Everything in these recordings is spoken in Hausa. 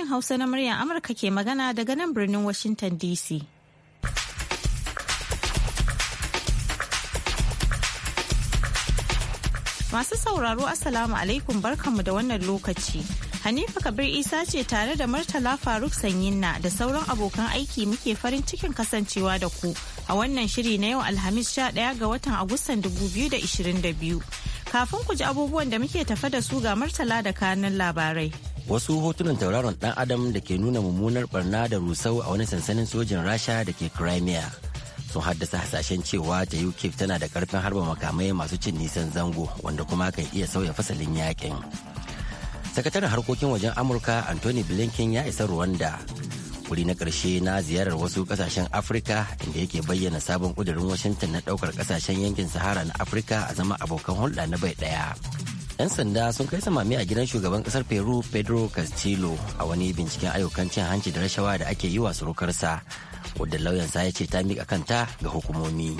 sashen Hausa na muryar Amurka ke magana daga nan birnin Washington DC. Masu sauraro asalamu alaikum barkanmu da wannan lokaci. Hanifa Kabir Isa ce tare da Murtala Faruk Sanyinna da sauran abokan aiki muke farin cikin kasancewa da ku a wannan shiri na yau Alhamis 11 ga watan Agustan 2022. Kafin ku ji abubuwan da muke tafa da su ga Murtala da kanun labarai. wasu hotunan tauraron dan adam da ke nuna mummunar barna da rusau a wani sansanin sojin rasha da ke crimea sun haddasa hasashen cewa ta uk tana da karfin harba makamai masu cin nisan zango wanda kuma kan iya sauya fasalin yakin sakataren harkokin wajen amurka anthony blinken ya isa rwanda wuri na karshe na ziyarar wasu kasashen afirka inda yake bayyana sabon ƙudurin washington na daukar kasashen yankin sahara na afirka a zama abokan hulɗa na bai ɗaya 'yan sanda sun kai samami a gidan shugaban kasar peru pedro castillo a wani binciken ayyukan cin hanci da rashawa da ake yi wa surukarsa wadda lauyansa ya ce ta miƙa kanta ga hukumomi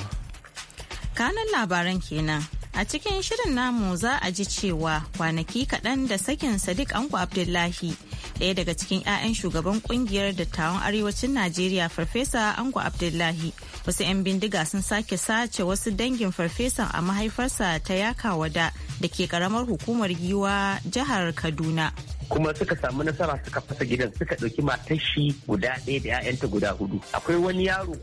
kanan labaran kenan a cikin shirin namu za a ji cewa kwanaki kaɗan da sakin sadiq anko abdullahi ɗaya daga cikin 'ya'yan shugaban kungiyar dattawan arewacin najeriya farfesa ango abdullahi wasu 'yan bindiga sun sake sace wasu dangin farfesan a mahaifarsa ta wada da ke karamar hukumar giwa jihar kaduna kuma suka samu nasara suka fasa gidan suka ɗauki matashi guda ɗaya da 'ya'yanta guda hudu akwai wani yaro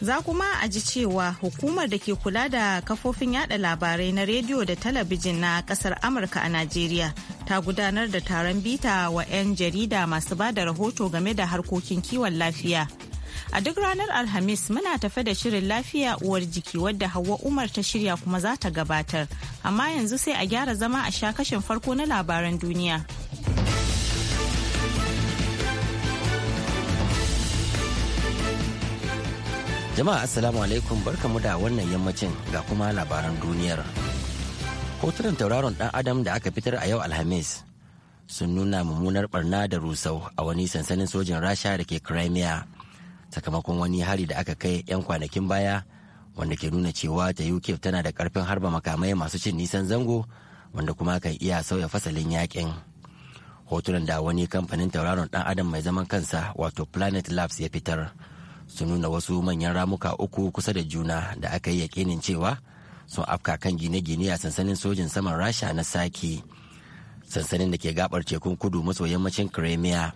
za kuma a ji cewa hukumar da ke kula da kafofin yada labarai na rediyo da talabijin na kasar amurka a najeriya ta gudanar da taron bita wa 'yan jarida masu ba da rahoto game da harkokin kiwon lafiya. A duk ranar Alhamis muna tafe da shirin lafiya uwar jiki wadda Hauwa Umar ta shirya kuma za ta gabatar. Amma yanzu sai a gyara zama a sha kashin farko na labaran duniya. Jama'a Assalamu alaikum barkamu da wannan yammacin ga kuma labaran duniyar. hotunan tauraron dan adam da aka fitar a yau alhamis sun nuna mummunar barna da rusau a wani sansanin sojin rasha da ke crimea sakamakon wani hari da aka kai 'yan kwanakin baya wanda ke nuna cewa ta uk tana da karfin harba makamai masu cin nisan zango wanda kuma kan iya sauya fasalin yakin hotunan da wani kamfanin tauraron dan adam mai zaman kansa wato planet labs ya fitar sun nuna wasu manyan ramuka uku kusa da juna da aka yi yakinin cewa sun afka kan gine-gine a sansanin sojin saman rasha na saki sansanin da ke gabar tekun kudu maso yammacin crimea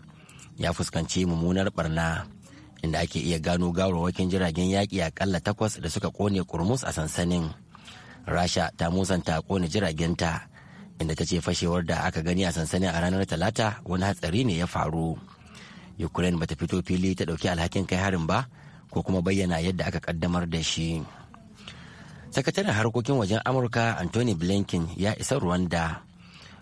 ya fuskanci mummunar barna inda ake iya gano gawarwakin jiragen yaƙi a akalla takwas da suka kone kurmus a sansanin rasha ta musanta kone jiragenta inda ta ce fashewar da aka gani a sansanin a ranar talata wani hatsari ne ya faru ukraine ba ta fito fili ta ɗauki alhakin kai harin ba ko kuma bayyana yadda aka kaddamar da shi. sakataren harkokin wajen amurka anthony blinken ya isa rwanda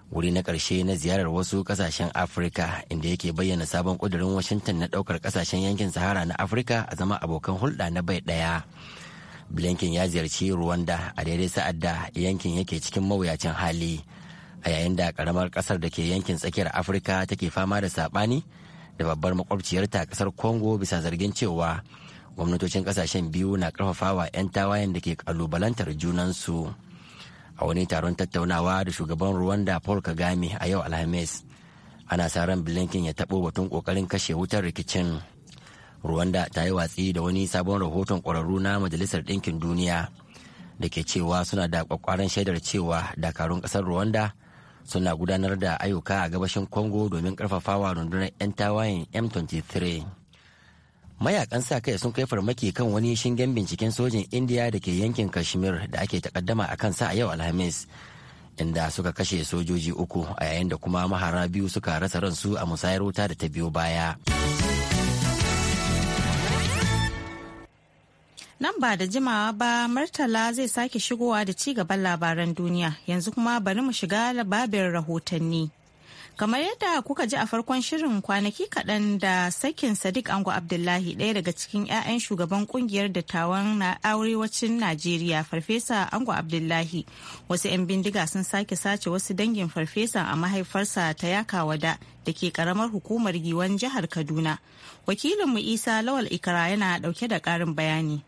wuri na ƙarshe na ziyarar wasu ƙasashen afirka inda yake bayyana sabon ƙudurin washington na ɗaukar ƙasashen yankin sahara na afirka a zama abokan hulɗa na bai ɗaya blinken ya ziyarci rwanda a daidai sa'ad da yankin yake cikin mawuyacin hali a yayin da ƙaramar ƙasar da ke yankin tsakiyar afirka take fama da saɓani da babbar makwabciyarta ƙasar congo bisa zargin cewa gwamnatocin kasashen biyu na karfafawa 'yan tawayen da ke kalubalantar junansu a wani taron tattaunawa da shugaban ruwanda paul kagame a yau alhamis ana sa ran blinken ya taɓo batun ƙoƙarin kashe wutar rikicin ruwanda ta yi watsi da wani sabon rahoton ƙwararru na majalisar ɗinkin duniya da ke cewa suna da kwakwaran shaidar cewa dakarun ƙasar ruwanda suna gudanar da ayyuka a gabashin congo domin ƙarfafawa rundunar 'yan tawayen m23 mayakan sa kai sun kai farmaki kan wani shingen binciken sojin indiya da ke yankin kashmir da ake takaddama a kansa a yau alhamis inda suka kashe sojoji uku a yayin da kuma mahara biyu suka rasa ransu a musayar wuta da ta biyo baya nan ba da jimawa ba martala zai sake shigowa da ci gaban labaran duniya yanzu kuma bari mu shiga babin rahotanni Kamar yadda kuka ji a farkon shirin kwanaki kaɗan da sakin Sadiq Ango Abdullahi ɗaya daga cikin 'ya'yan shugaban kungiyar dattawan na arewacin Najeriya Farfesa Ango Abdullahi. Wasu 'yan bindiga sun sake sace wasu dangin Farfesa a mahaifarsa ta Yakawada da ke karamar hukumar Giwan jihar Kaduna. Wakilinmu Isa Lawal Ikra yana ɗauke da ƙarin bayani.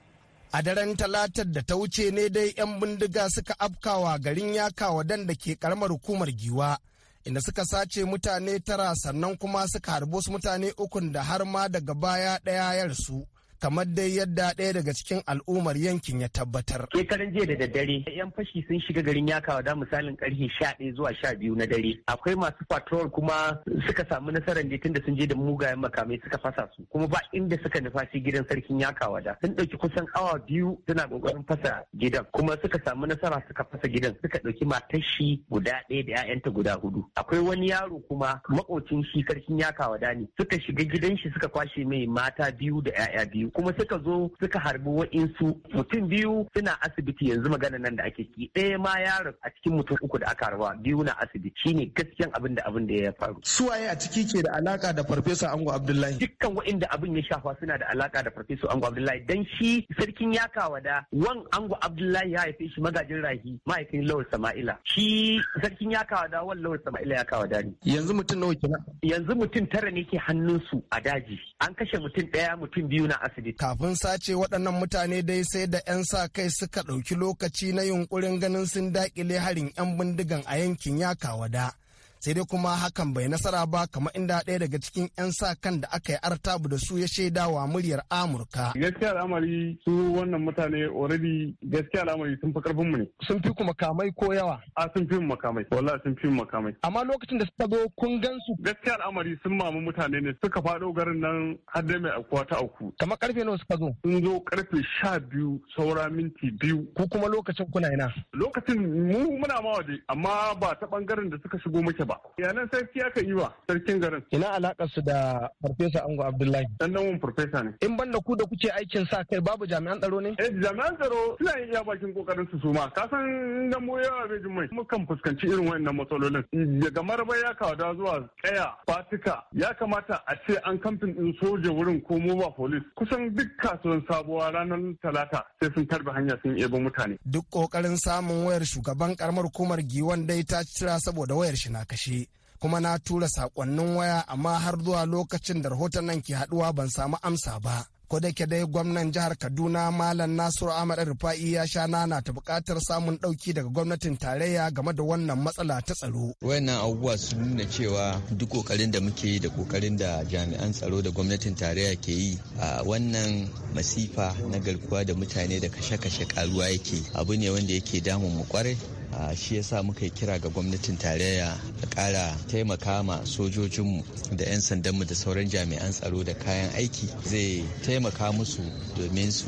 A daren talatar da ta wuce ne dai 'yan bindiga suka afkawa garin yakawa dan da ke karamar hukumar Giwa. inda suka sace mutane tara sannan kuma suka harbi wasu mutane ukun da har ma daga baya ɗaya yarsu. kamar dai yadda ɗaya daga cikin al'ummar yankin ya tabbatar. Shekaran jiya da daddare, 'yan fashi sun shiga garin Yakawa da misalin karfe sha ɗaya zuwa sha biyu na dare. Akwai masu patrol kuma suka samu nasarar ne da sun je da mugayen makamai suka fasa su. Kuma ba inda suka nufa shi gidan sarkin Yakawa da. Sun ɗauki kusan awa biyu suna ƙoƙarin fasa gidan. Kuma suka samu nasara suka fasa gidan. Suka ɗauki matar shi guda ɗaya da 'ya'yanta guda hudu. Akwai wani yaro kuma makocin shi sarkin Yakawa da ne. Suka shiga gidan shi suka kwashe mai mata biyu da 'ya'ya biyu. kuma suka zo suka harbi wa'insu mutum biyu suna asibiti yanzu magana nan da ake ki ɗaya ma yaron a cikin mutum uku da aka harba biyu na asibiti shine gaskiyan abin da abin da ya faru suwaye a ciki ke da alaka da farfesa ango abdullahi dukkan wa'inda abin ya shafa suna da alaka da farfesa ango abdullahi dan shi sarkin kawa da wan ango abdullahi ya haife shi magajin rahi ma'aikin lawal sama'ila shi sarkin kawa da wan lawal sama'ila kawa da ne yanzu mutum nawa kenan yanzu mutum tara ne ke hannunsu a daji an kashe mutum ɗaya mutum biyu na asibiti asibiti. Kafin sace waɗannan mutane dai sai da 'yan sa kai suka ɗauki lokaci na yunkurin ganin sun daƙile harin 'yan bindigan a yankin ya kawada. sai dai kuma hakan bai nasara ba kamar inda ɗaya daga cikin 'yan sa kan da aka yi artabu da su ya shaida wa muryar amurka gaskiya al'amari su wannan mutane already gaskiya al'amari sun fi karfin mu ne sun fi ku makamai ko yawa a sun fi mu makamai wallahi sun fi mu makamai amma lokacin da suka zo kun gansu gaskiya al'amari sun mamu mutane ne suka faɗo garin nan har da mai akuwa ta auku kamar karfe nawa suka zo sun zo karfe sha biyu saura minti biyu ko kuma lokacin kuna ina lokacin mu muna mawa amma ba ta bangaren da suka shigo muke ba. Iyalan sarki aka yi wa sarkin garin. Ina alakar su da Farfesa Ango Abdullahi. Dan nan Farfesa ne. In banda ku da kuke aikin sa kai babu jami'an tsaro ne? Eh jami'an tsaro suna yin iya bakin kokarin su suma. Ka san dan mu yawa bai jin mai. Mukan fuskanci irin wannan matsalolin. Daga maraba ya da zuwa kaya fatika ya kamata a ce an kamfin din soja wurin ko ba police kusan duk kasuwan sabuwa ranar talata sai sun tarbe hanya sun ebo mutane. Duk kokarin samun wayar shugaban karamar hukumar Giwan dai ta cira saboda wayar shi na kashe. shi kuma na tura sakonnin waya amma har zuwa lokacin da rahoton nan ke haduwa ban samu amsa ba ko da ke dai gwamnan jihar kaduna malam nasiru ahmad rufa'i ya sha nana ta bukatar samun dauki daga gwamnatin tarayya game da wannan matsala ta tsaro wayannan abubuwa sun nuna cewa duk kokarin da muke yi da kokarin da jami'an tsaro da gwamnatin tarayya ke yi a wannan masifa na garkuwa da mutane da kashe-kashe karuwa yake abu ne wanda yake damun mu kwarai Ah, shi yasa muka yi kira ga gwamnatin tarayya da ƙara taimaka ma sojojinmu da 'yan sandanmu da sauran jami'an tsaro da kayan aiki zai taimaka musu domin su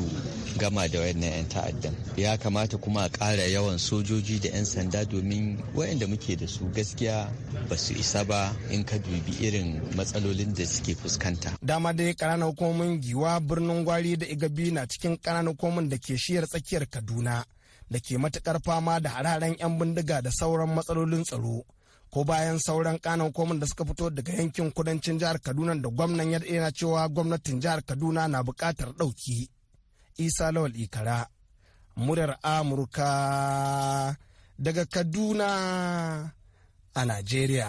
gama da wayannan 'yan ta'addan ya kamata kuma a ƙara yawan sojoji da 'yan sanda domin wayanda muke da su gaskiya ba su isa ba in ka dubi irin matsalolin da suke fuskanta dama dai ƙananan hukumomin giwa birnin gwari da igabi na cikin ƙananan hukumomin da ke shiyar tsakiyar kaduna da ke matukar fama da hararen 'yan bindiga da sauran matsalolin tsaro ko bayan sauran kanan komin da suka fito daga yankin kudancin jihar kaduna da gwamnan ya cewa gwamnatin jihar kaduna na bukatar ɗauki isa lawal ikara murar amurka daga kaduna a najeriya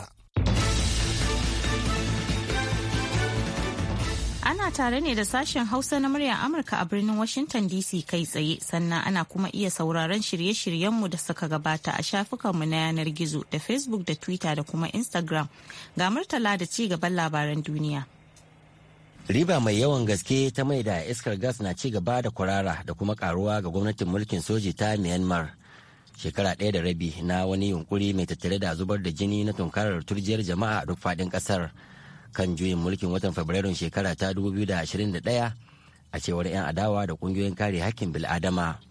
Ana tare ne da sashen Hausa na muryar Amurka a birnin Washington DC kai tsaye sannan ana kuma iya sauraron shirye-shiryenmu da suka gabata a shafukanmu na yanar gizo da Facebook da Twitter da kuma Instagram ga murtala da ci gaban labaran duniya. Riba mai yawan gaske ta mai da iskar gas na ci gaba da kurara da kuma karuwa ga gwamnatin mulkin soji ta Myanmar. Shekara ɗaya da rabi na wani yunkuri mai tattare da zubar da jini na tunkarar turjiyar jama'a duk faɗin ƙasar. kasar. kan juyin mulkin watan fabrairun shekara ta 2021 a cewar 'yan adawa da kungiyoyin kare hakkin bil'adama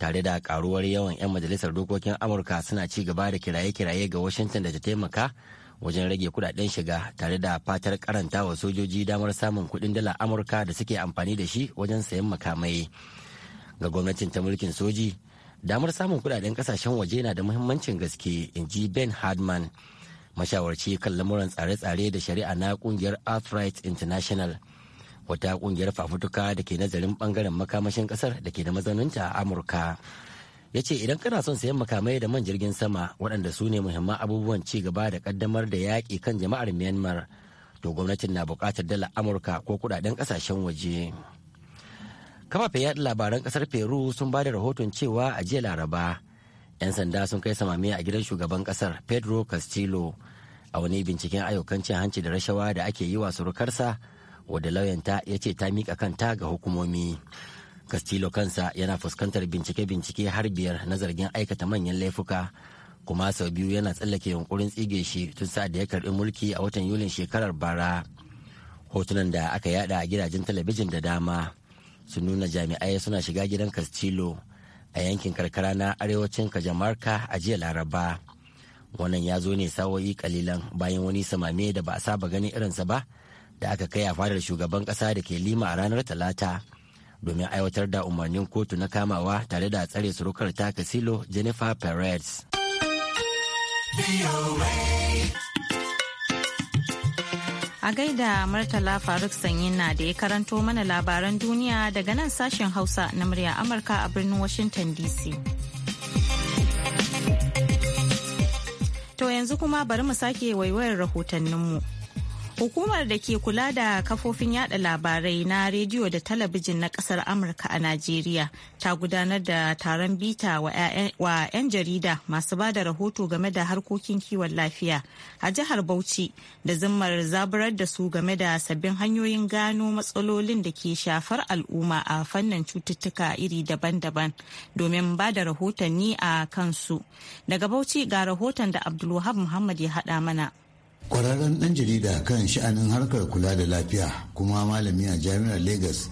tare da karuwar yawan 'yan majalisar dokokin amurka suna ci gaba da kiraye-kiraye ga washington da ta taimaka wajen rage kudaden shiga tare da fatar karanta wa sojoji damar samun kudin dala amurka da suke amfani da shi wajen sayan makamai ga gwamnatin ta mulkin soji damar samun kudaden kasashen waje na da muhimmancin gaske in ji ben hardman mashawarci kan lamuran tsare-tsare da shari'a na kungiyar Arthright International. Wata kungiyar fafutuka da ke nazarin bangaren makamashin kasar da ke da mazaninta a Amurka. Ya idan kana son sayan makamai da man jirgin sama waɗanda su ne muhimman abubuwan ci gaba da ƙaddamar da yaƙi kan jama'ar Myanmar, to gwamnatin na buƙatar dala Amurka ko kuɗaɗen ƙasashen waje. Kafafen yaɗa labaran ƙasar Peru sun ba da rahoton cewa a jiya Laraba, 'yan sanda sun kai samamiya a gidan shugaban ƙasar pedro castillo a wani binciken ayyukan cin hanci da rashawa da ake yi wa surukarsa wadda lauyanta ya ce ta miƙa kanta ga hukumomi castillo kansa yana fuskantar bincike-bincike har biyar na zargin aikata manyan laifuka kuma sau biyu yana tsallake yunkurin tsige shi tun sa da ya karbi mulki a watan yulin shekarar bara hotunan da aka yada a gidajen talabijin da dama sun nuna jami'ai suna shiga gidan castillo a yankin karkara na arewacin kajamarka a jiya laraba wannan ya zo ne sawoyi kalilan bayan wani samame da ba a saba ganin irinsa ba da aka kai a fadar shugaban kasa da ke lima a ranar talata domin aiwatar da umarnin kotu na kamawa tare da tsare surukar ta kasilo jennifer perez a gaida martala faruk sanyi na da ya karanto mana labaran duniya daga nan sashen hausa na murya amurka a birnin washington dc To yanzu kuma bari mu sake waiwayar rahotanninmu. Hukumar da ke kula da kafofin yada labarai na rediyo da talabijin na kasar Amurka a Najeriya ta gudanar da taron bita wa 'yan jarida masu ba da rahoto game da harkokin kiwon lafiya a jihar Bauchi da zimmar zaburar da su game da sabbin hanyoyin gano matsalolin da ke shafar al'umma a fannin cututtuka iri daban-daban domin ba da rahotanni a kansu. Daga Bauchi ga rahoton da Abdulwahab Muhammad ya haɗa mana. kwararren ɗan jarida kan sha'anin harkar kula da lafiya kuma malami a jami'ar lagos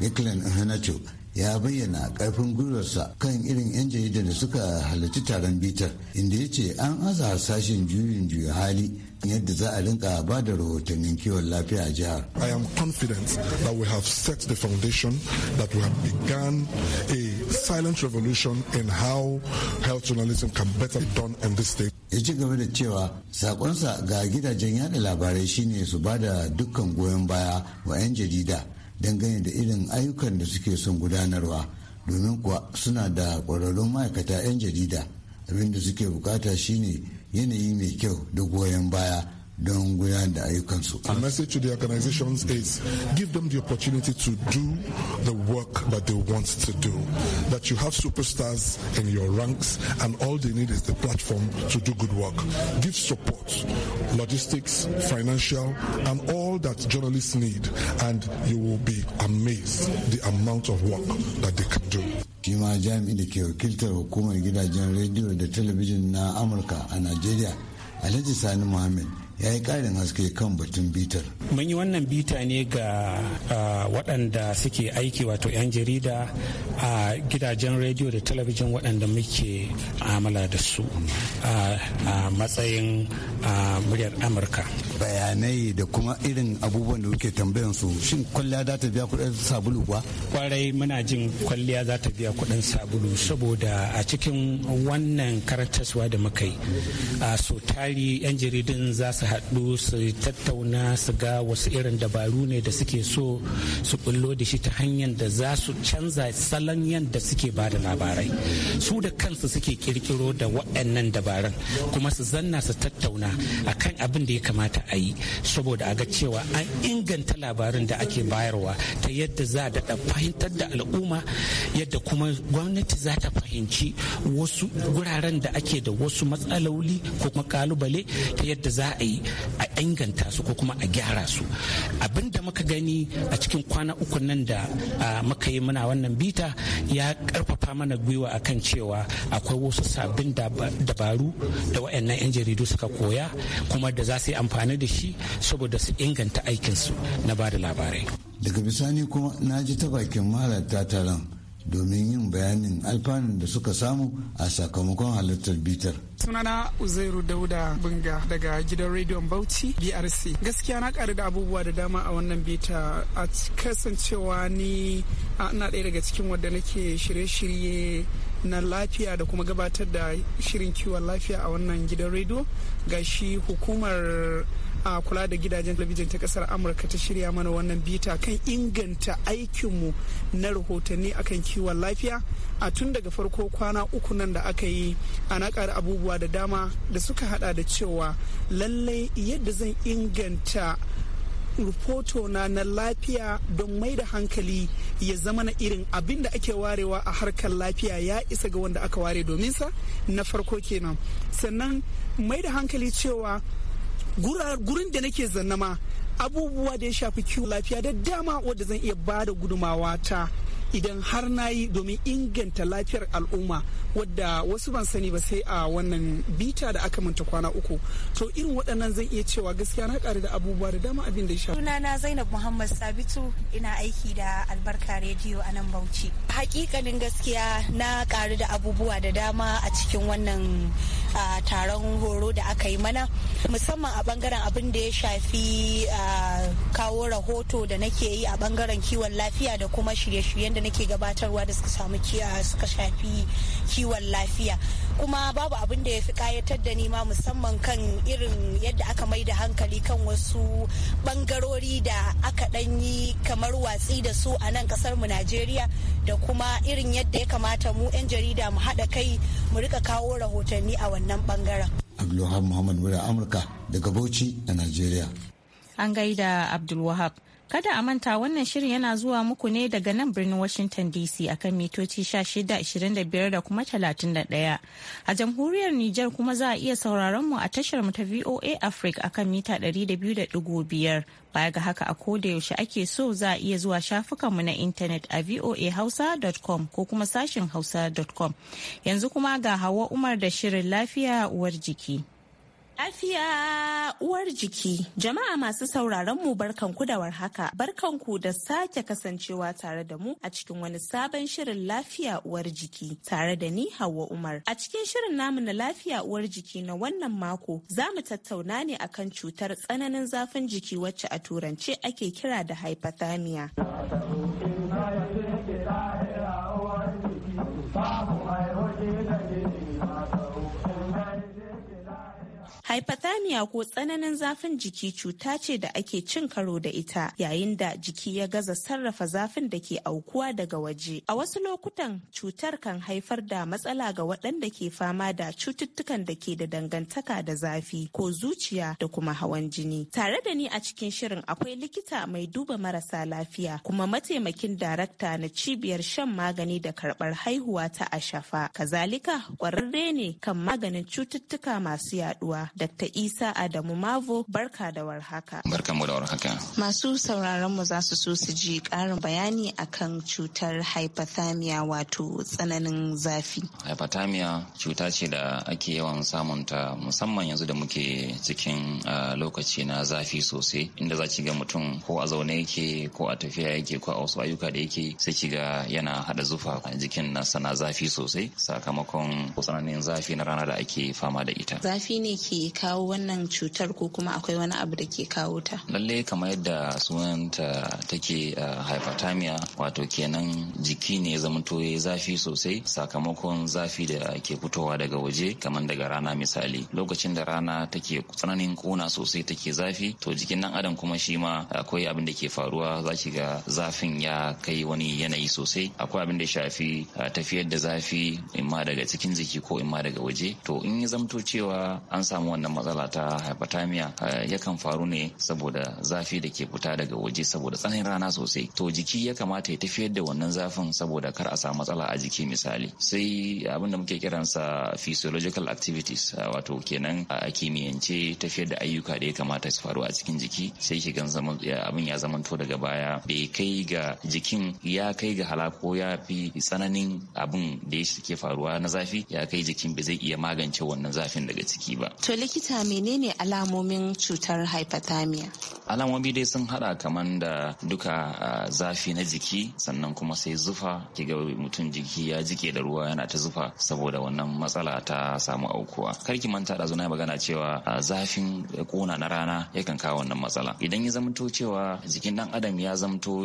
nicklin hanacho ya bayyana karfin gwiwarsa kan irin 'yan jarida da suka halarci taron bitar inda ya ce an aza hasashen juyin juya hali yadda za a rinka ba da rahotannin kiwon lafiya a jihar. I am confident that we have set the foundation that we have begun a silent revolution in how health journalism can better be done in this state. Ya ci gaba da cewa sakonsa ga gidajen yada labarai shine su ba da dukkan goyon baya wa 'yan jarida dangane da irin ayyukan da suke son gudanarwa domin kuwa suna da ƙwararrun ma'aikata 'yan jarida abinda suke bukata shine yanayi mai kyau da goyon baya don A message to the organizations is give them the opportunity to do the work that they want to do. That you have superstars in your ranks and all they need is the platform to do good work. Give support, logistics, financial, and all that journalists need, and you will be amazed the amount of work that they can do. shi ma da ke wakiltar hukumar gidajen rediyo da talabijin na amurka a najeriya alhaji sani muhammad ya yi ƙarin haske kan batun bitar. Mun yi wannan bita ne ga waɗanda suke aiki wato 'yan jarida a gidajen rediyo da talabijin waɗanda muke amala da su a matsayin muryar Amurka. Bayanai da kuma irin abubuwan da kuke tambayan su shin kwalliya za ta biya kuɗin sabulu kuwa? Kwarai muna jin kwalliya za ta biya kuɗin sabulu saboda a cikin wannan karataswa da muka yi so tari 'yan jaridun za su haɗu su tattauna su ga wasu irin dabaru ne da suke so su bullo da shi ta hanyar da za su canza salon yadda suke ba da labarai su da kansu suke kirkiro da waɗannan dabaran kuma su zanna su tattauna a kan abin da ya kamata a yi saboda a ga cewa an inganta labarin da ake bayarwa ta yadda za da fahimtar da al'umma yadda kuma gwamnati za ta fahimci wasu wuraren da ake da wasu matsaloli ko kuma kalubale ta yadda za a yi a inganta su ko kuma a gyara su abin da muka gani a cikin kwana uku nan da muka yi muna wannan bita ya karfafa mana gwiwa akan cewa akwai wasu sabbin dabaru da wayannan 'yan jaridu suka koya kuma da za su yi amfani da shi saboda su inganta aikinsu na ba da labarai daga bisani kuma na ji ta bakin ta taron domin yin bayanin alfanun da suka samu a sakamakon halartar bitar. sunana uzairu dauda bunga daga gidan rediyon bauchi brc gaskiya na karu da abubuwa da dama a wannan bita a kasancewa ni ana ɗaya daga cikin wadda nake shirye-shirye na lafiya da kuma gabatar da shirin kiwon lafiya a wannan gidan rediyo ga shi hukumar a kula da gidajen talabijin ta kasar amurka ta shirya mana wannan bita kan inganta aikinmu na rahotanni a kan kiwon lafiya a tun daga farko kwana uku nan da aka yi ana ƙara abubuwa da dama da suka hada da cewa lallai yadda zan inganta rufoto na na lafiya don mai da hankali ya zama na irin abin da ake warewa a harkar lafiya ya isa ga wanda aka ware domin sa na farko kenan sannan mai da hankali cewa gurin da nake zanna ma abubuwa da ya shafi kiwon lafiya da dama wadda zan iya bada gudumawa ta idan har na yi domin inganta lafiyar al'umma wadda wasu ban sani ba sai a wannan bita da aka manta kwana uku to irin waɗannan zan iya cewa gaskiya na ƙari da abubuwa da dama abin da ya sunana zainab muhammad sabitu ina aiki da albarka rediyo a nan bauchi hakikanin gaskiya na ƙaru da abubuwa da dama a cikin wannan taron horo da aka yi mana musamman a bangaren abin da ya shafi kawo rahoto da nake yi a bangaren kiwon lafiya da kuma shirye-shiryen da nake gabatarwa da suka samu suka shafi kiwon lafiya kuma babu abin da ya fi kayatar da nima musamman kan irin yadda aka mai da hankali kan wasu bangarori da aka dan yi kamar watsi da su a nan kasar mu Najeriya da kuma irin yadda ya kamata mu 'yan jarida mu haɗa kai mu rika kawo rahotanni a wannan bangaren. Abdulwahab Muhammad Amurka daga Bauchi a Najeriya. An gaida Abdulwahab. Kada a manta wannan shirin yana zuwa muku ne daga nan birnin Washington DC akan mitoci 1625 da kuma 31. A jamhuriyar Nijar kuma za a iya sauraron mu a tashar mu ta VOA Africa akan mita 200.5. Baya ga haka a koda yaushe ake so za a iya zuwa shafukanmu na intanet a voahausa.com ko kuma sashin hausa.com. Yanzu kuma ga Hawa Umar da shirin lafiya uwar jiki. Lafiya uwar jiki. Jama'a masu sauraron mu barkan ku da warhaka. Barkanku da sake kasancewa tare da mu a cikin wani sabon shirin lafiya uwar jiki tare da ni Hauwa Umar. A cikin shirin namu na lafiya uwar jiki na wannan mako za mu tattauna ne akan cutar tsananin zafin jiki wacce a turance ake kira da hypothermia. Hypothermia ko tsananin zafin jiki cuta ce da ake cin karo da ita yayin da jiki ya gaza sarrafa zafin da ke aukuwa daga waje. A wasu lokutan cutar kan haifar da matsala ga waɗanda ke fama da cututtukan da ke da dangantaka da zafi ko zuciya da kuma hawan jini. Tare da ni a cikin shirin akwai likita mai duba marasa lafiya kuma mataimakin darakta na cibiyar shan magani da karɓar haihuwa ta Ashafa. Kazalika ƙwararre ne kan maganin cututtuka masu yaɗuwa Dr. Isa Adamu Mavo barka da warhaka. Barka mu da warhaka. Masu sauraron mu za su so su ji ƙarin bayani akan cutar hypothermia wato tsananin zafi. Hypothermia cuta ce da ake yawan samun ta musamman yanzu da muke cikin lokaci na zafi sosai inda za ki ga mutum ko a zaune yake ko a tafiya yake ko a wasu ayyuka da yake sai ki ga yana hada zufa a jikin nasa na zafi sosai sakamakon tsananin zafi na rana da ake fama da ita. Zafi ne ke kawo wannan cutar ko kuma akwai wani abu da ke kawo ta lalle kamar yadda sunanta take hypothermia wato kenan jiki ne ya zamanto ya zafi sosai sakamakon zafi da ke fitowa daga waje kamar daga rana misali lokacin da rana take tsananin kona sosai take zafi to jikin nan adam kuma shi ma akwai abin da ke faruwa za ki ga zafin ya kai wani yanayi sosai akwai abin da shafi tafiyar da zafi imma daga cikin jiki ko imma daga waje to in ya zamto cewa an samu wannan matsala ta hypothermia eh, yakan faru ne saboda zafi da ke fita daga waje saboda tsananin rana sosai to jiki ya kamata ya tafiyar da wannan zafin saboda kar a samu matsala a jiki misali sai abin da muke kiransa physiological activities eh, wato kenan a kimiyyance tafiyar da ayyuka da ya kamata su faru a cikin jiki sai ki gan abin ya zamanto daga baya bai kai ga jikin ya kai ga halako ya fi tsananin abin da ya ke faruwa na zafi ya kai jikin bai zai iya magance wannan zafin daga ciki ba to likita menene alamomin cutar hypothermia? alamomi dai sun hada kamar da duka zafi na jiki sannan kuma sai zufa kiga mutum jiki ya jike da ruwa yana ta zufa saboda wannan matsala ta samu aukuwa karki manta da zuna magana cewa zafin kona na rana yakan kawo wannan matsala idan ya zamto cewa jikin dan adam ya zamto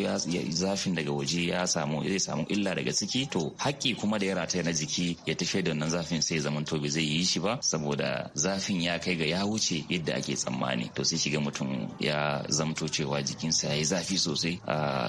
zafin daga waje ya samu zai samu illa daga ciki to haƙƙi kuma da ya rataya na jiki ya tafi da wannan zafin sai zamanto bai zai yi shi ba saboda zafin ya kai ga ya wuce yadda ake tsammani to sai shiga mutum ya zamto cewa jikinsa ya yi zafi sosai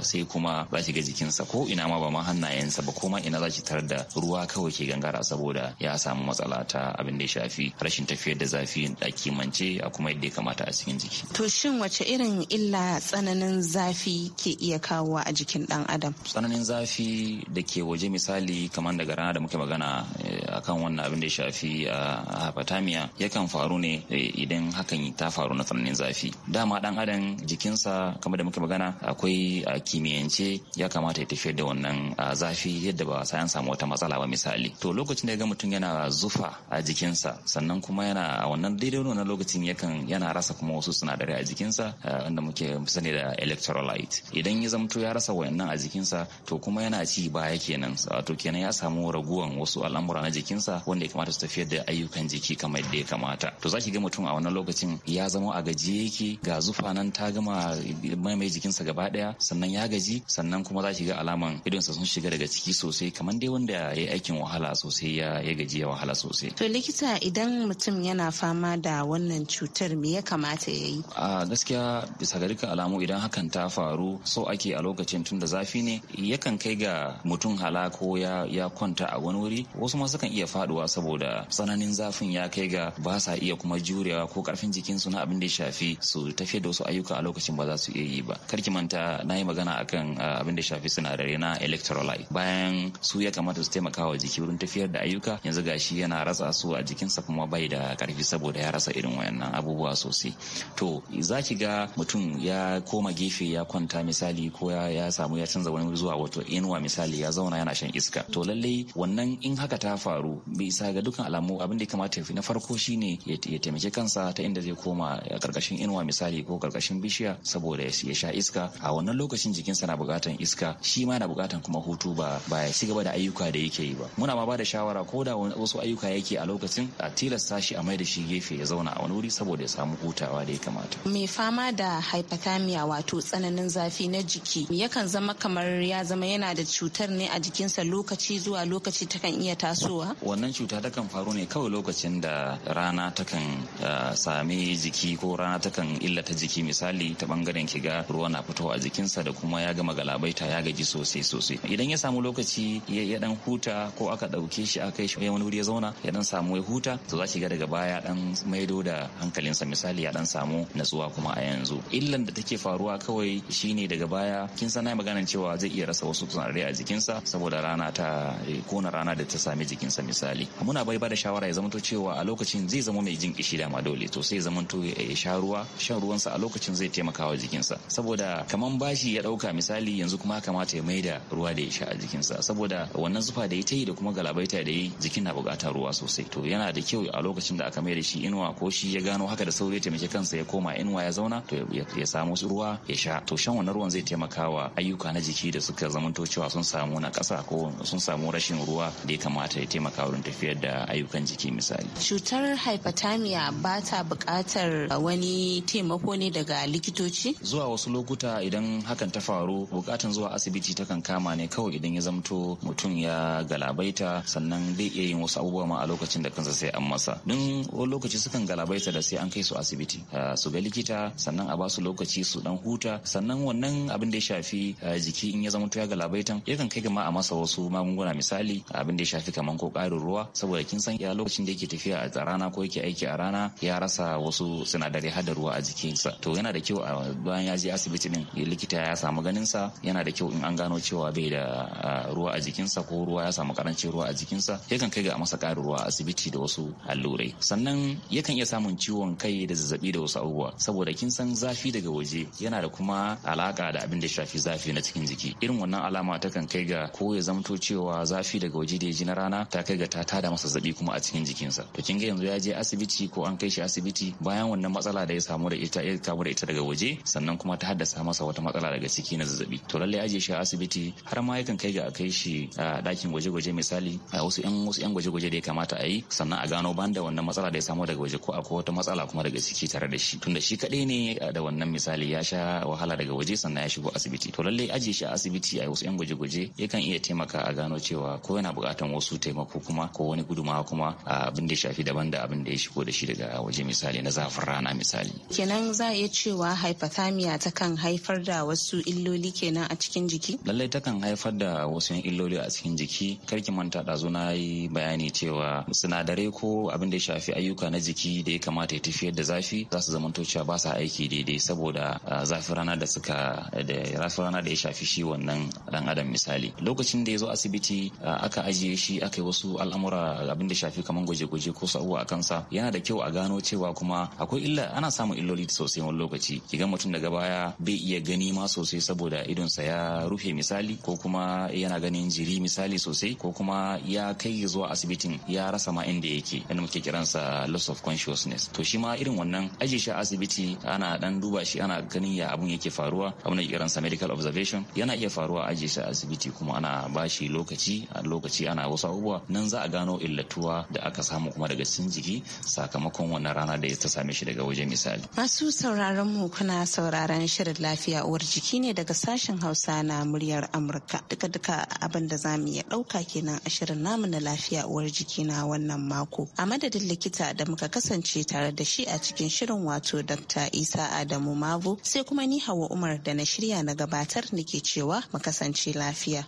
sai kuma za shiga jikinsa ko ina ma ba ma hannayensa ba ko ina za shi tarar da ruwa kawai ke gangara saboda ya samu matsala ta abin da ya shafi rashin tafiyar da zafi a kimance a kuma yadda ya kamata a cikin jiki. To shin wace irin illa tsananin zafi ke iya kawo a jikin dan adam? Tsananin zafi da ke waje misali kamar daga rana da muke magana eh, akan wannan abin da ya shafi a ya yakan faru faru ne eh, idan hakan ta faru na tsananin zafi dama dan adam jikinsa kamar da muke magana akwai a kimiyyance ya kamata ya tafiyar da wannan zafi yadda ba sai an samu wata matsala ba misali to lokacin da ya ga mutum yana zufa a jikinsa sannan kuma yana a wannan daidai wannan lokacin yakan yana rasa kuma wasu sinadarai a jikinsa wanda muke sani da electrolyte idan ya zamto ya rasa wayannan a jikinsa to kuma yana ci baya kenan to kenan ya samu raguwan wasu al'amura na jikinsa wanda ya kamata su tafiyar da ayyukan jiki kamar yadda ya kamata to zaki ga mutum a wannan lokacin ya zama a gaji yake ga zufa nan ta gama mai jikinsa gaba daya sannan ya gaji sannan kuma zaki ga alaman sa sun shiga daga ciki sosai kamar dai wanda ya yi aikin wahala sosai ya gaji ya wahala sosai to likita idan mutum yana fama da wannan cutar me ya kamata ya yi a gaskiya bisa ga dukkan alamu idan hakan ta faru so ake a lokacin tunda zafi ne yakan kai ga mutum hala ko ya kwanta a wani wuri wasu ma sukan iya faduwa saboda tsananin zafin ya kai ga ba sa iya iya kuma jurewa ko karfin jikinsu na abin da ya shafi su tafiya da wasu ayyuka a lokacin ba za su iya yi ba kar ki manta na yi magana akan ah, abin da shafi sinadarai na electrolyte bayan su ya kamata su taimaka wa jiki wurin tafiyar da ayyuka yanzu gashi yana rasa su a jikin jikinsa kuma bai da karfi saboda ya rasa irin wayannan abubuwa sosai to za ki ga mutum ya koma gefe ya kwanta misali ko ya samu ya canza wani zuwa wato inuwa misali ya zauna yana shan iska to lallai wannan in haka ta faru bisa ga dukkan alamu abin da ya kamata ya fi na farko shine ya ya taimaki kansa ta inda zai koma karkashin inuwa misali ko karkashin bishiya saboda ya sha iska a wannan lokacin jikinsa na bukatan iska shi ma na bukatan kuma hutu ba ba ya cigaba da ayyuka da yake yi ba muna ma ba da shawara ko da wasu ayyuka yake a lokacin a tilasta shi a mai da shi gefe ya zauna a wani wuri saboda ya samu hutawa da ya kamata mai fama da hypothermia wato tsananin zafi na jiki yakan zama kamar ya zama yana da cutar ne a jikinsa lokaci zuwa lokaci takan iya tasowa wannan cuta takan faru ne kawai lokacin da rana ta takan ah, sami jiki ko rana takan illata jiki misali ta bangaren kiga ruwa na fitowa a jikinsa da kuma ya gama galabaita ya gaji sosai sosai idan ya samu lokaci ya dan huta ko aka dauke shi aka kai shi wani wuri ya zauna ya dan samu ya huta to za ki ga daga baya dan maido da hankalinsa misali ya dan samu natsuwa kuma a yanzu illan da take faruwa kawai shine daga baya kin san na maganan cewa zai iya rasa wasu sunare a jikinsa saboda rana ta eh, kona rana da ta sami jikinsa misali muna bai ba da shawara ya zama to cewa a lokacin zai zama mai jin kishi dama dole to sai zaman to ya sha ruwa shan ruwansa a lokacin zai taimaka wa jikinsa saboda kamar bashi ya dauka misali yanzu kuma kamata ya maida ruwa da ya sha a jikinsa saboda wannan zufa da ya ta yi da kuma galabaita da yi jikin na bukatar ruwa sosai to yana da kyau a lokacin da aka maida shi inuwa ko shi ya gano haka da sauri ya taimaki kansa ya koma inuwa ya zauna to ya samu ruwa ya sha to shan wannan ruwan zai taimaka wa ayyuka na jiki da suka zamanto cewa sun samu na ƙasa ko sun samu rashin ruwa da ya kamata ya taimaka wurin tafiyar da ayyukan jiki misali cutar hypertension samiya ba ta buƙatar uh, wani taimako ne daga likitoci? Zuwa wasu lokuta idan hakan ta faru bukatan zuwa asibiti ta kan kama ne kawai idan ya zamto mutum ya galabaita sannan zai iya yin wasu abubuwa ma a lokacin da kansa sai an masa. Don wani lokaci sukan galabaita da sai an kai su asibiti uh, su ga likita sannan a basu lokaci su dan huta sannan wannan abin da ya shafi uh, jiki in ya zamto ya galabaitan yakan kai gama a masa wasu magunguna misali abin da ya shafi kaman ko ƙarin ruwa saboda kin san ya lokacin da yake tafiya a rana ko yake aiki a rana ya rasa wasu sinadarai hada ruwa a jikinsa to yana da kyau a bayan ya je asibiti din likita ya samu ganinsa yana da kyau in an gano cewa bai da ruwa a jikinsa ko ruwa ya samu karancin ruwa a jikinsa yakan kai ga masa karin ruwa a asibiti da wasu allurai sannan yakan iya samun ciwon kai da zazzabi da wasu abubuwa saboda kin san zafi daga waje yana da kuma alaka da abin da shafi zafi na cikin jiki irin wannan alama ta kan kai ga ko ya zamto cewa zafi daga waje da ya ji na rana ta kai ga ta tada masa zabi kuma a cikin jikinsa to kin ga yanzu ya je asibiti asibiti ko an kai shi asibiti bayan wannan matsala da ya samu da ita ya kamu da ita daga waje sannan kuma ta haddasa masa wata matsala daga ciki na zazzabi to lallai aje shi a asibiti har ma yakan kai ga a kai shi a dakin gwaje-gwaje misali a wasu yan wasu yan gwaje-gwaje da ya kamata a yi sannan a gano ban da wannan matsala da ya samu daga waje ko akwai wata matsala kuma daga ciki tare da shi tunda shi kadai ne da wannan misali ya sha wahala daga waje sannan ya shigo asibiti to lallai aje shi a asibiti a wasu yan gwaje-gwaje yakan iya taimaka a gano cewa ko yana bukatan wasu taimako kuma ko wani gudumawa kuma abin da ya shafi daban da abin da ya shigo da shi daga waje misali na zafin rana misali kenan za a iya cewa hypothermia kan haifar da wasu illoli kenan a cikin jiki lallai ta kan haifar da wasu illoli a cikin jiki karki manta da zo na yi bayani cewa sinadarai ko abin da ya shafi ayyuka na jiki da ya kamata ya tafiyar da zafi za su zamanto cewa ba sa aiki daidai saboda zafin rana da suka da zafin rana da ya shafi shi wannan dan adam misali lokacin da ya zo asibiti aka ajiye shi aka yi wasu al'amura abin da shafi kamar gwaje-gwaje ko sa'uwa a kansa yana da kyau a gano cewa kuma akwai illa ana samun illoli sosai wani lokaci ga mutum daga baya bai iya gani ma sosai saboda idonsa ya rufe misali ko kuma yana ganin jiri misali sosai ko kuma ya kai zuwa asibitin ya rasa ma inda yake yadda muke kiransa loss of consciousness to shi ma irin wannan aje shi asibiti ana dan duba shi ana ganin ya abun yake faruwa abun da kiransa medical observation yana iya faruwa aje shi asibiti kuma ana bashi lokaci a lokaci ana wasu abubuwa nan za a gano illatuwa da aka samu kuma daga cikin jiki sakamakon wannan rana da ta same shi daga waje misali. Masu sauraron mu kuna sauraron shirin lafiya uwar jiki ne daga sashen Hausa na muryar Amurka. Duka-duka abin da za mu iya ɗauka kenan a shirin namu na lafiya uwar jiki na wannan mako. A madadin likita da muka kasance tare da shi a cikin shirin wato Dr. Isa Adamu Mavu sai kuma ni Hawa Umar da na shirya na gabatar nake cewa mu kasance lafiya.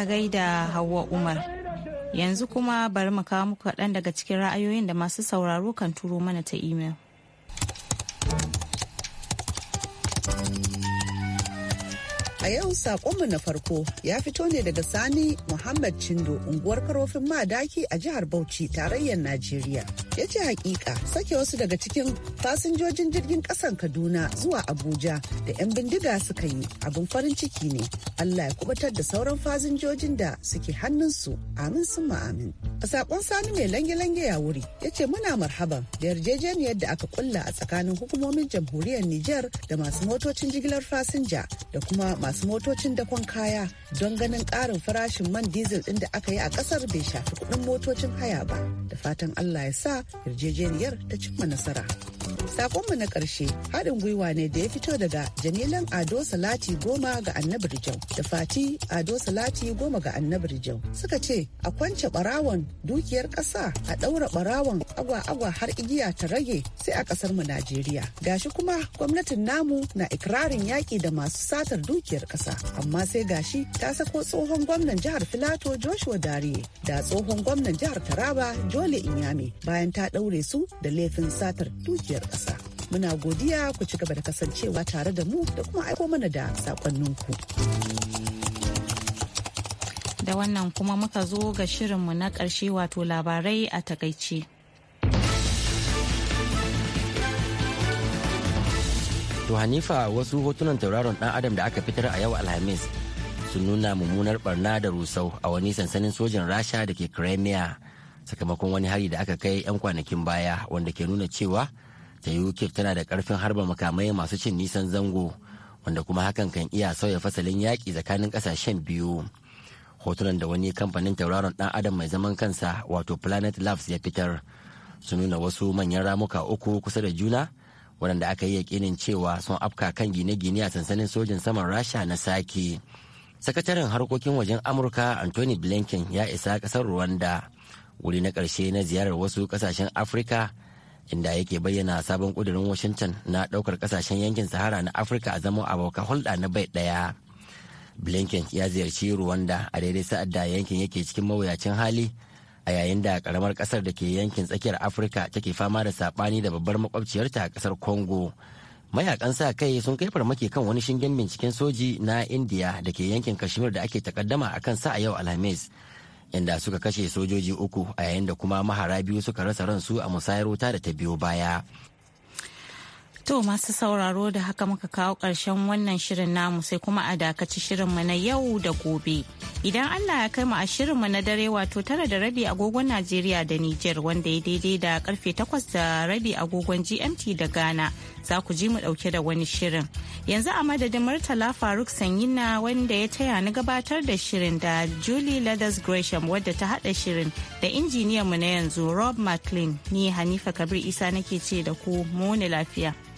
A gaida Hauwa Umar. Yanzu kuma bari mu kawo muku kaɗan daga cikin ra'ayoyin da masu sauraro kan turo mana ta imel. A yau sakonmu na farko ya fito ne daga Sani Muhammad Chindo unguwar karofin madaki a jihar Bauchi tarayyar Najeriya. Ya ce hakika sake wasu daga cikin fasinjojin jirgin ƙasan Kaduna zuwa Abuja da 'yan bindiga suka yi abin farin ciki ne. Allah ya kubatar da sauran fasinjojin da suke hannunsu amin sun amin. A sakon sani mai lange-lange ya wuri ya ce muna marhaban da yarjejeniyar da aka kulla a tsakanin hukumomin jamhuriyar niger da masu motocin jigilar fasinja da kuma masu motocin dakon kaya don ganin ƙarin farashin man diesel ɗin da aka yi a ƙasar bai shafi kuɗin motocin haya ba. Da fatan Allah ya sa yarjejeniyar ta cimma nasara. Sakonmu na ƙarshe haɗin gwiwa ne da ya fito daga jamilan Ado Salati goma ga Annabi Rijau da Fati Ado Salati goma ga Annabi Rijau suka ce a kwance ɓarawon dukiyar ƙasa a ɗaura ɓarawon agwa-agwa har igiya ta rage sai a ƙasar mu Najeriya. Gashi kuma gwamnatin namu na ikirarin yaƙi da masu satar dukiyar ƙasa amma sai gashi ta sako tsohon gwamnan jihar Filato Joshua Dariye da tsohon gwamnan jihar Taraba Jole Inyame bayan ta ɗaure su da laifin satar dukiyar ƙasa. Muna godiya ku ci gaba da kasancewa tare da mu da kuma aiko mana da sakonninku. Da wannan kuma muka zo ga shirinmu na ƙarshe wato labarai a takaice. To Hanifa wasu hotunan tauraron ɗan Adam da aka fitar a yau Alhamis sun nuna mummunar barna da rusau a wani sansanin sojin Rasha da ke Crimea sakamakon wani hari da aka kai 'yan kwanakin baya wanda ke nuna cewa ta yiwu tana da karfin harba makamai masu cin nisan zango wanda kuma hakan kan iya sauya fasalin yaƙi tsakanin ƙasashen biyu hotunan da wani kamfanin tauraron ɗan adam mai zaman kansa wato planet labs ya fitar su nuna wasu manyan ramuka uku kusa da juna waɗanda aka yi yakinin cewa sun afka kan gine-gine a sansanin sojin saman rasha na sake sakataren harkokin wajen amurka anthony blinken ya isa ƙasar rwanda wuri na ƙarshe na ziyarar wasu ƙasashen afirka inda yake bayyana sabon kudirin washington na ɗaukar ƙasashen yankin sahara na afirka a zama abokan hulɗa na bai ɗaya blinken ya ziyarci rwanda a daidai sa'ad da yankin yake cikin mawuyacin hali a yayin da karamar ƙasar da ke yankin tsakiyar afirka take fama da saɓani da babbar makwabciyarta a kasar congo mayakan sa kai sun kai farmaki kan wani shingen binciken soji na Indiya da ke yankin kashmir da ake takaddama a kan sa a yau alhamis inda suka kashe sojoji uku a yayin da kuma mahara biyu suka rasa ransu a musayar wuta da ta biyo baya To masu sauraro da haka muka kawo ƙarshen wannan shirin namu sai kuma a dakaci shirinmu na yau da gobe. Idan Allah ya kai mu a shirinmu na dare wato tara da rabi agogon Najeriya da Nijar wanda ya daidai da karfe takwas da rabi agogon GMT da Ghana za ku ji mu dauke da wani shirin. Yanzu a madadin Murtala Faruk Sanyina wanda ya taya ni gabatar da shirin da Julie Ladders Gresham wadda ta hada shirin da mu na yanzu Rob McLean ni Hanifa Kabir Isa nake ce da ku mu lafiya.